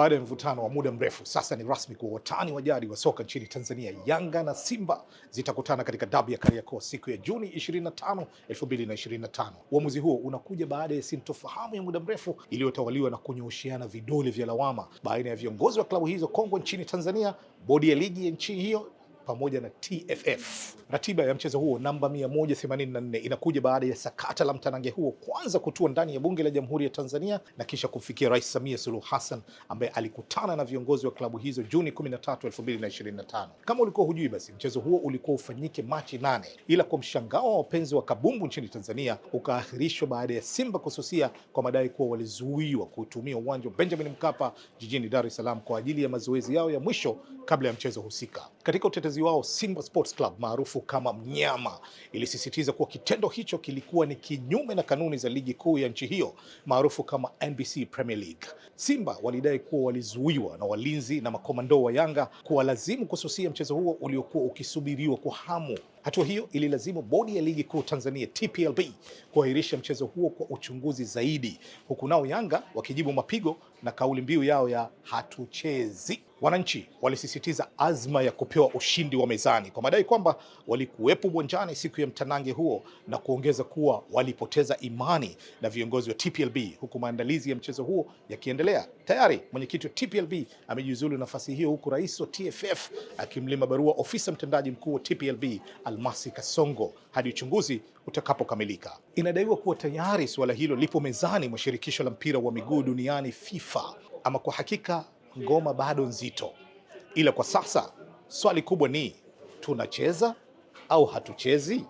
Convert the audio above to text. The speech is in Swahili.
Baada ya mvutano wa muda mrefu, sasa ni rasmi kuwa watani wa jadi wa soka nchini Tanzania, Yanga na Simba zitakutana katika dabi ya Kariakoo siku ya Juni 25, 2025. Uamuzi huo unakuja baada ya sintofahamu ya muda mrefu iliyotawaliwa na kunyoosheana vidole vya lawama baina ya viongozi wa klabu hizo kongwe nchini Tanzania, bodi ya ligi ya nchi hiyo pamoja na TFF. Ratiba ya mchezo huo namba 184 inakuja baada ya sakata la mtanange huo kwanza kutua ndani ya bunge la Jamhuri ya Tanzania na kisha kumfikia Rais Samia Suluhu Hassan ambaye alikutana na viongozi wa klabu hizo Juni 13, 2025. Kama ulikuwa hujui, basi mchezo huo ulikuwa ufanyike Machi 8, ila kwa mshangao wa wapenzi wa kabumbu nchini Tanzania ukaahirishwa baada ya Simba kususia kwa madai kuwa walizuiwa kutumia uwanja wa Benjamin Mkapa jijini Dar es Salaam kwa ajili ya mazoezi yao ya mwisho kabla ya mchezo husika. Katika utetezi wao, Simba Sports Club maarufu kama Mnyama ilisisitiza kuwa kitendo hicho kilikuwa ni kinyume na kanuni za ligi kuu ya nchi hiyo maarufu kama NBC Premier League. Simba walidai kuwa walizuiwa na walinzi na makomando wa Yanga kuwalazimu kususia mchezo huo uliokuwa ukisubiriwa kwa hamu. Hatua hiyo ililazimu bodi ya ligi kuu Tanzania TPLB kuahirisha mchezo huo kwa uchunguzi zaidi, huku nao Yanga wakijibu mapigo na kauli mbiu yao ya hatuchezi. Wananchi walisisitiza azma ya kupewa ushindi wa mezani kwa madai kwamba walikuwepo uwanjani siku ya mtanange huo na kuongeza kuwa walipoteza imani na viongozi wa TPLB huku maandalizi ya mchezo huo yakiendelea. Tayari mwenyekiti wa TPLB amejiuzulu nafasi hiyo huku rais wa TFF akimlima barua ofisa mtendaji mkuu wa TPLB Almasi Kasongo hadi uchunguzi utakapokamilika. Inadaiwa kuwa tayari suala hilo lipo mezani mwa shirikisho la mpira wa miguu duniani FIFA. Ama kwa hakika ngoma bado nzito, ila kwa sasa swali kubwa ni tunacheza au hatuchezi?